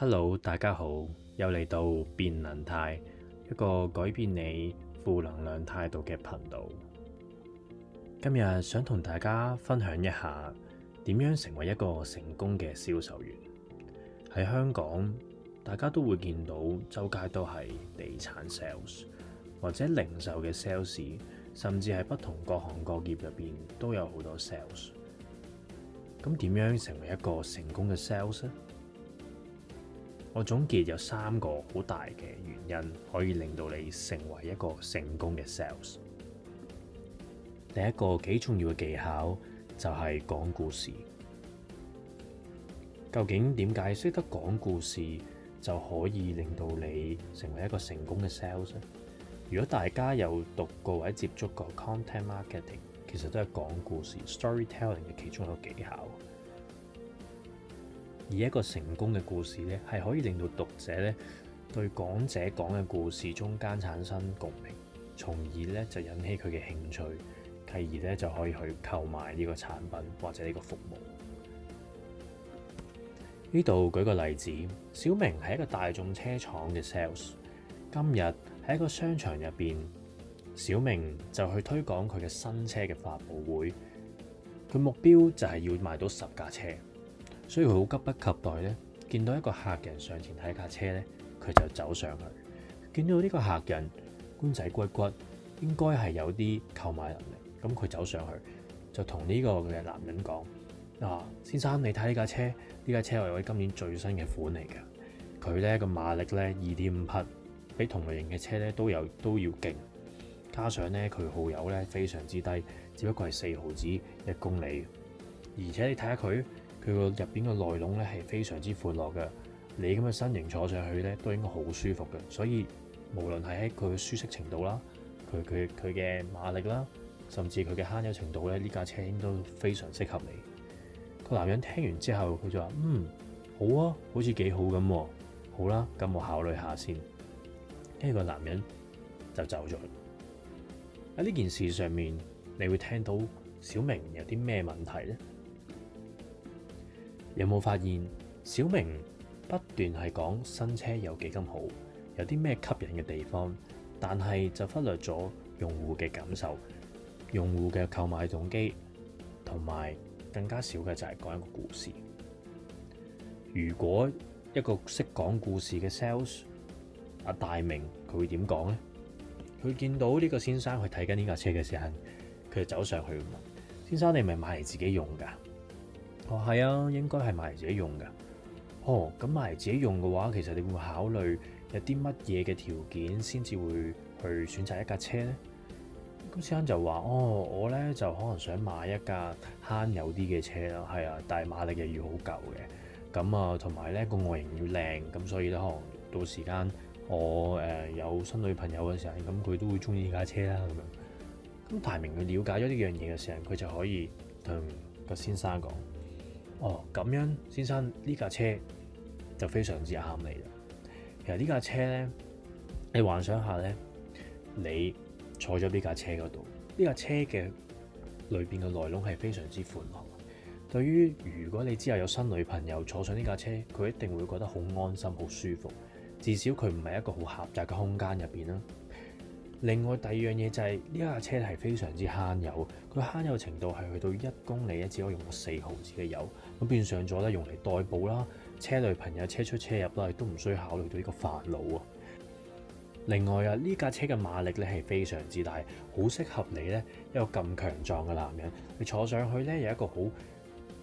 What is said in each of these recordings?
Hello，大家好，又嚟到變能態一個改變你負能量態度嘅頻道。今日想同大家分享一下點樣成為一個成功嘅銷售員。喺香港，大家都會見到周街都係地產 sales 或者零售嘅 sales，甚至喺不同各行各業入邊都有好多 sales。咁點樣成為一個成功嘅 sales 呢？我總結有三個好大嘅原因，可以令到你成為一個成功嘅 sales。第一個幾重要嘅技巧就係講故事。究竟點解識得講故事就可以令到你成為一個成功嘅 sales 呢？如果大家有讀過或者接觸過 content marketing，其實都係講故事 （storytelling） 嘅其中一個技巧。而一個成功嘅故事咧，係可以令到讀者咧對講者講嘅故事中間產生共鳴，從而咧就引起佢嘅興趣，繼而咧就可以去購買呢個產品或者呢個服務。呢度舉個例子，小明係一個大眾車廠嘅 sales，今日喺一個商場入面，小明就去推廣佢嘅新車嘅發佈會，佢目標就係要賣到十架車。所以佢好急不及待咧，見到一個客人上前睇架車咧，佢就走上去。見到呢個客人官仔骨骨，應該係有啲購買能力。咁佢走上去就同呢個嘅男人講：啊，先生，你睇呢架車，呢架車係我今年最新嘅款嚟嘅。佢咧個馬力咧二點五匹，比同類型嘅車咧都有都要勁。加上咧佢耗油咧非常之低，只不過係四毫子一公里。而且你睇下佢。佢個入邊個內籠咧係非常之闊落嘅，你咁嘅身形坐上去咧都應該好舒服嘅。所以無論係喺佢嘅舒適程度啦，佢佢佢嘅馬力啦，甚至佢嘅慳油程度咧，呢架車應都非常適合你。個男人聽完之後，佢就話：嗯，好啊，好似幾好咁。好啦，咁我考慮一下先。跟住個男人就走咗。喺呢件事上面，你會聽到小明有啲咩問題咧？有冇發現小明不斷係講新車有幾咁好，有啲咩吸引嘅地方，但係就忽略咗用戶嘅感受、用戶嘅購買動機，同埋更加少嘅就係講一個故事。如果一個識講故事嘅 sales，阿大明佢會點講呢？佢見到呢個先生去睇緊呢架車嘅時候，佢就走上去問：先生，你咪買嚟自己用㗎？哦，係啊，應該係買嚟自己用嘅。哦，咁買嚟自己用嘅話，其實你會考慮有啲乜嘢嘅條件先至會去選擇一架車咧？咁先生就話：哦，我咧就可能想買一架慳油啲嘅車啦。係啊，但係馬力又要好夠嘅。咁啊，同埋咧個外形要靚。咁所以咧，可能到時間我誒、呃、有新女朋友嘅時候，咁佢都會中意呢架車啦。咁樣咁，排名佢了解咗呢樣嘢嘅時候，佢就可以同個先生講。哦，咁樣先生，呢架車就非常之啱你啦。其實呢架車咧，你幻想下咧，你坐咗呢架車嗰度，呢架車嘅裏面嘅內容係非常之寬闊。對於如果你之後有新女朋友坐上呢架車，佢一定會覺得好安心、好舒服。至少佢唔係一個好狹窄嘅空間入面啦。另外第二樣嘢就係呢架車係非常之慳油，佢慳油程度係去到一公里咧，只可以用到四毫子嘅油。咁變相咗咧，用嚟代步啦，車女朋友、車出車入啦，亦都唔需要考慮到呢個煩惱啊！另外啊，呢架車嘅馬力咧，係非常之大，好適合你咧一個咁強壯嘅男人。你坐上去咧有一個好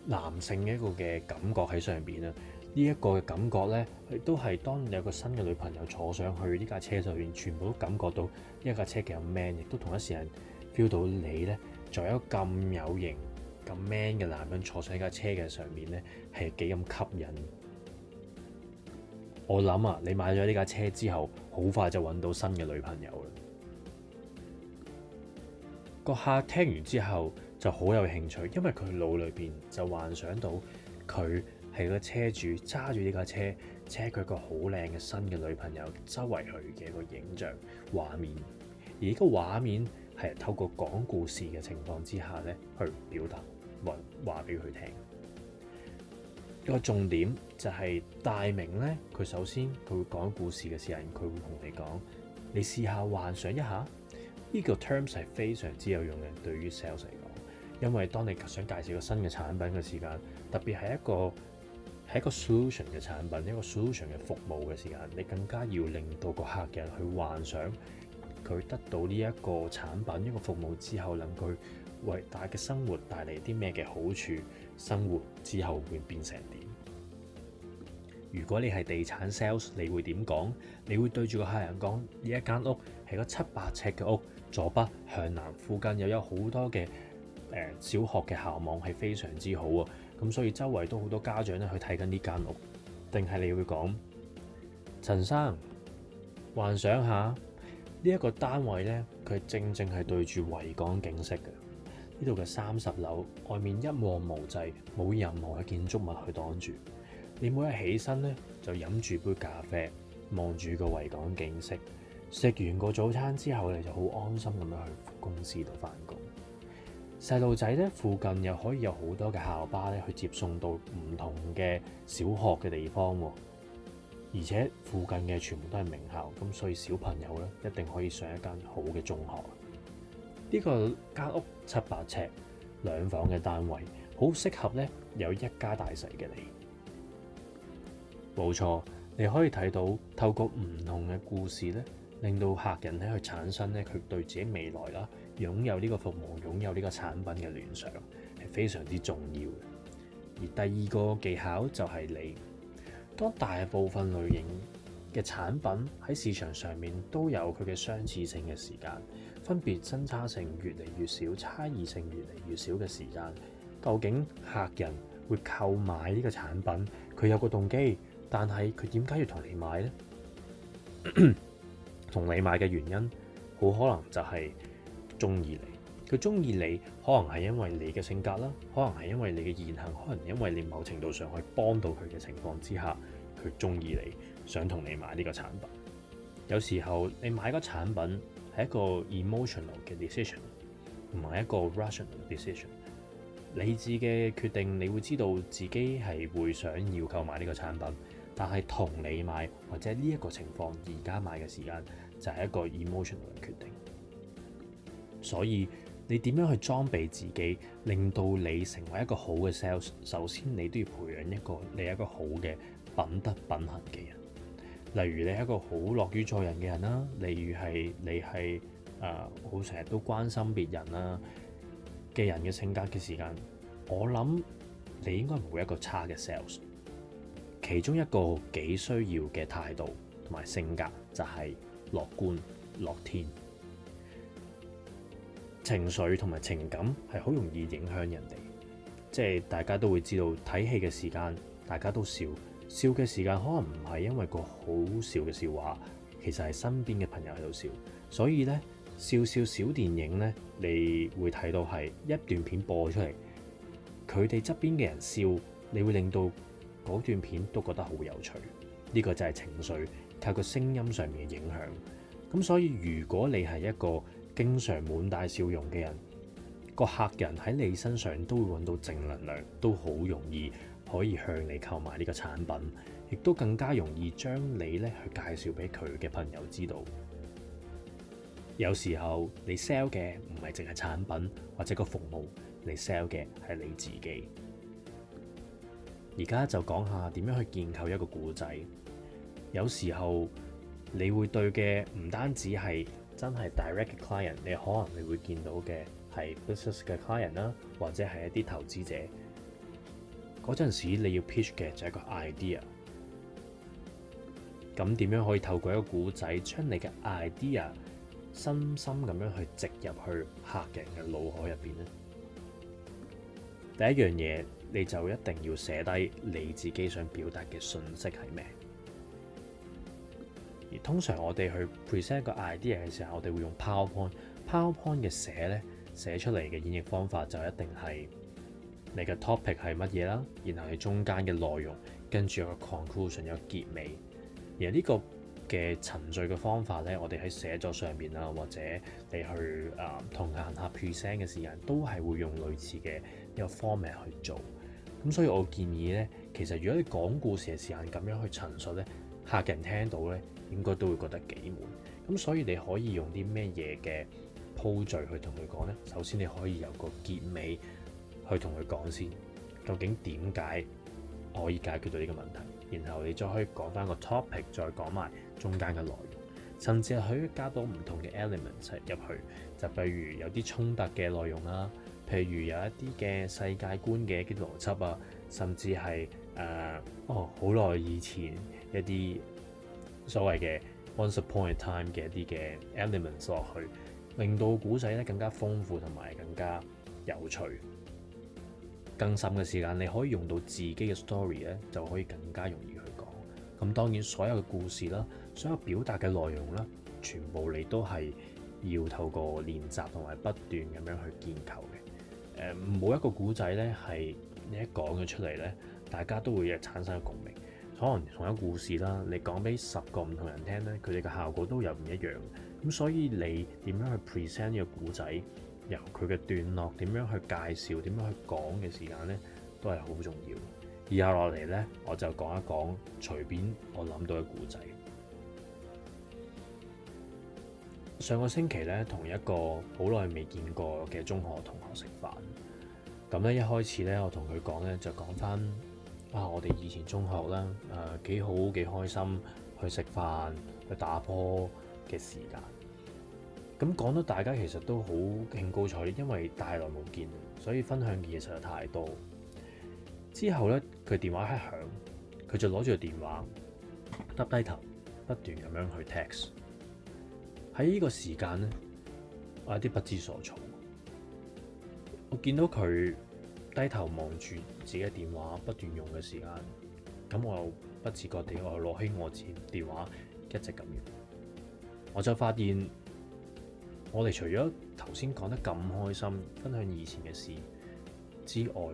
男性嘅一個嘅感覺喺上邊啊！這個、呢一個嘅感覺咧，亦都係當你有個新嘅女朋友坐上去呢架車上面，全部都感覺到呢架車嘅有 man，亦都同一時間 feel 到你咧仲有一個咁有型。咁 man 嘅男人坐上呢架車嘅上面呢，係幾咁吸引？我諗啊，你買咗呢架車之後，好快就揾到新嘅女朋友啦！個客聽完之後就好有興趣，因為佢腦裏邊就幻想到佢係個車主揸住呢架車車佢個好靚嘅新嘅女朋友周圍去嘅一個影像畫面，而呢個畫面係透過講故事嘅情況之下呢，去表達。話俾佢聽，一個重點就係、是、大明呢。佢首先佢會講故事嘅時候，佢會同你講。你試下幻想一下，呢、這個 terms 係非常之有用嘅，對於 sales 嚟講。因為當你想介紹個新嘅產品嘅時間，特別係一個係一個 solution 嘅產品，一個 solution 嘅服務嘅時間，你更加要令到個客人去幻想佢得到呢一個產品一、這個服務之後，令佢，為大家嘅生活帶嚟啲咩嘅好處？生活之後會，會變成點？如果你係地產 sales，你會點講？你會對住個客人講呢一間屋係個七百尺嘅屋，坐北向南，附近又有好多嘅誒小學嘅校網係非常之好啊。咁所以周圍都好多家長咧去睇緊呢間屋，定係你會講陳生幻想下呢一、這個單位呢，佢正正係對住維港景色嘅。呢度嘅三十樓外面一望無際，冇任何嘅建築物去擋住。你每一起身咧，就飲住杯咖啡，望住個維港景色。食完個早餐之後呢，你就好安心咁樣去公司度翻工。細路仔咧，附近又可以有好多嘅校巴咧，去接送到唔同嘅小學嘅地方喎。而且附近嘅全部都係名校，咁所以小朋友咧一定可以上一間好嘅中學。呢個間屋七八尺兩房嘅單位，好適合咧有一家大細嘅你。冇錯，你可以睇到透過唔同嘅故事咧，令到客人咧去產生咧佢對自己未來啦，擁有呢個服務、擁有呢個產品嘅聯想，係非常之重要嘅。而第二個技巧就係你，當大部分類型嘅產品喺市場上面都有佢嘅相似性嘅時間。分別真差性越嚟越少，差異性越嚟越少嘅時間，究竟客人會購買呢個產品，佢有個動機，但係佢點解要同你買呢？同 你買嘅原因，好可能就係中意你。佢中意你，可能係因為你嘅性格啦，可能係因為你嘅言行，可能因為你某程度上去幫到佢嘅情況之下，佢中意你，想同你買呢個產品。有時候你買個產品，係一個 emotional 嘅 decision，唔係一個 rational decision。理智嘅決定，你會知道自己係會想要購買呢個產品，但係同你買或者呢一個情況而家買嘅時間就係、是、一個 emotional 嘅決定。所以你點樣去裝備自己，令到你成為一個好嘅 sales？首先你，你都要培養一個你一個好嘅品德品行嘅人。例如你係一個好樂於助人嘅人啦，例如係你係誒好成日都關心別人啦、啊、嘅人嘅性格嘅時間，我諗你應該唔會一個差嘅 sales。其中一個幾需要嘅態度同埋性格就係樂觀樂天，情緒同埋情感係好容易影響人哋，即係大家都會知道睇戲嘅時間大家都笑。笑嘅時間可能唔係因為個好笑嘅笑話，其實係身邊嘅朋友喺度笑。所以呢，笑笑小電影呢，你會睇到係一段片播出嚟，佢哋側邊嘅人笑，你會令到嗰段片都覺得好有趣。呢個就係情緒靠個聲音上面嘅影響。咁所以如果你係一個經常滿帶笑容嘅人，個客人喺你身上都會揾到正能量，都好容易。可以向你購買呢個產品，亦都更加容易將你咧去介紹俾佢嘅朋友知道。有時候你 sell 嘅唔係淨係產品或者個服務，你 sell 嘅係你自己。而家就講下點樣去建構一個故仔。有時候你會對嘅唔單止係真係 direct client，你可能你會見到嘅係 business 嘅 client 啦，或者係一啲投資者。嗰陣時，你要 pitch 嘅就係個 idea。咁點樣可以透過一個故仔，將你嘅 idea 深深咁樣去植入去客人嘅腦海入邊呢？第一樣嘢，你就一定要寫低你自己想表達嘅信息係咩？而通常我哋去 present 一個 idea 嘅時候，我哋會用 powerpoint，powerpoint 嘅 powerpoint 寫呢，寫出嚟嘅演繹方法就一定係。你嘅 topic 係乜嘢啦？然後你中間嘅內容，跟住有 conclusion 有結尾。而呢個嘅程序嘅方法呢，我哋喺寫作上面啊，或者你去誒、呃、同客 present 嘅時間，都係會用類似嘅一個 format 去做。咁所以我建議呢，其實如果你講故事嘅時間咁樣去陳述呢，客人聽到呢應該都會覺得幾悶。咁所以你可以用啲咩嘢嘅鋪敍去同佢講呢？首先你可以有個結尾。去同佢講先，究竟點解可以解決到呢個問題？然後你再可以講翻個 topic，再講埋中間嘅內容，甚至係可加到唔同嘅 elements 入去。就譬如有啲衝突嘅內容啦，譬如有一啲嘅世界觀嘅一啲邏輯啊，甚至係誒、呃、哦好耐以前一啲所謂嘅 once upon a time 嘅一啲嘅 elements 落去，令到古仔咧更加豐富同埋更加有趣。更深嘅時間，你可以用到自己嘅 story 咧，就可以更加容易去講。咁當然，所有嘅故事啦，所有表達嘅內容啦，全部你都係要透過練習同埋不斷咁樣去建構嘅。誒、呃，冇一個故仔咧，係你一講咗出嚟咧，大家都會誒產生共鳴。可能同一個故事啦，你講俾十個唔同人聽咧，佢哋嘅效果都有唔一樣。咁所以你點樣去 present 呢個故仔？由佢嘅段落點樣去介紹，點樣去講嘅時間呢，都係好重要。以下落嚟呢，我就講一講隨便我諗到嘅故仔。上個星期呢，同一個好耐未見過嘅中學同學食飯。咁呢，一開始呢，我同佢講呢，就講翻啊，我哋以前中學啦，誒、呃、幾好幾開心去食飯去打波嘅時間。咁講到大家其實都好興高采烈，因為太耐冇見，所以分享嘅嘢實在太多。之後咧，佢電話一響，佢就攞住個電話耷低頭，不斷咁樣去 text。喺呢個時間咧，我有啲不知所措。我見到佢低頭望住自己嘅電話，不斷用嘅時間。咁我又不自覺地我又攞起我自己電話一直咁樣，我就發現。我哋除咗頭先講得咁開心，分享以前嘅事之外，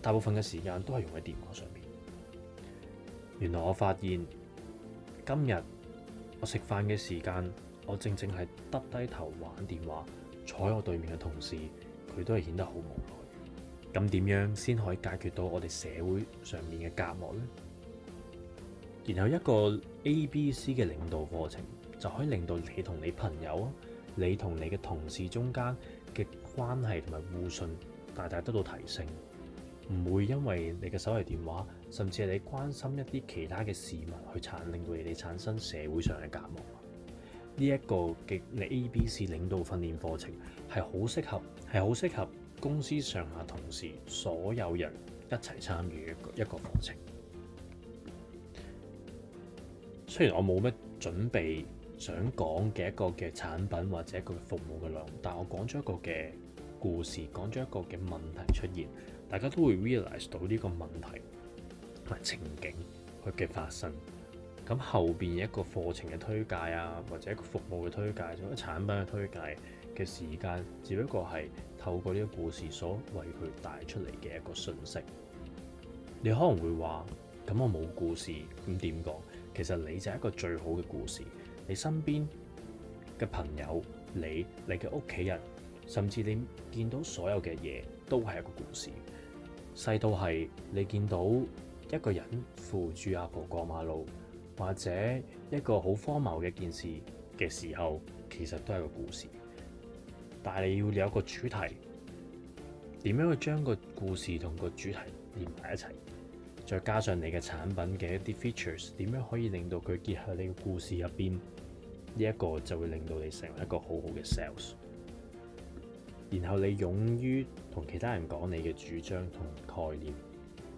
大部分嘅時間都係用喺電話上面。原來我發現今日我食飯嘅時間，我正正係耷低頭玩電話，坐喺我對面嘅同事，佢都係顯得好無奈。咁點樣先可以解決到我哋社會上面嘅隔膜呢？然後一個 A、B、C 嘅領導課程，就可以令到你同你朋友啊，你同你嘅同事中間嘅關係同埋互信大大得到提升，唔會因為你嘅手提電話，甚至係你關心一啲其他嘅事物，去產令到你哋產生社會上嘅隔膜。呢、這、一個極你 A B C 領導訓練課程係好適合，係好適合公司上下同事所有人一齊參與嘅一,一個課程。雖然我冇乜準備。想講嘅一個嘅產品或者一個服務嘅內容，但我講咗一個嘅故事，講咗一個嘅問題出現，大家都會 realize 到呢個問題同情景佢嘅發生。咁後邊一個課程嘅推介啊，或者一個服務嘅推介，或者產品嘅推介嘅時間，只不過係透過呢個故事所為佢帶出嚟嘅一個信息。你可能會話：咁我冇故事，咁點講？其實你就係一個最好嘅故事。你身邊嘅朋友，你你嘅屋企人，甚至你見到所有嘅嘢都係一個故事。細到係你見到一個人扶住阿婆過馬路，或者一個好荒謬嘅一件事嘅時候，其實都係個故事。但係你要有個主題，點樣去將個故事同個主題連埋一齊，再加上你嘅產品嘅一啲 features，點樣可以令到佢結合你嘅故事入邊？呢一個就會令到你成為一個好好嘅 sales，然後你勇於同其他人講你嘅主張同概念，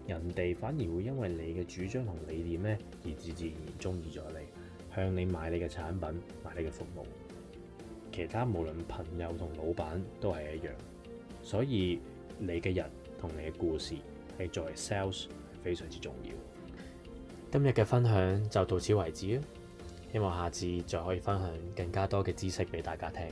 人哋反而會因為你嘅主張同理念咧而自自然然中意咗你，向你買你嘅產品，買你嘅服務。其他無論朋友同老闆都係一樣，所以你嘅人同你嘅故事係作為 sales 非常之重要。今日嘅分享就到此為止。希望下次再可以分享更加多嘅知識畀大家聽。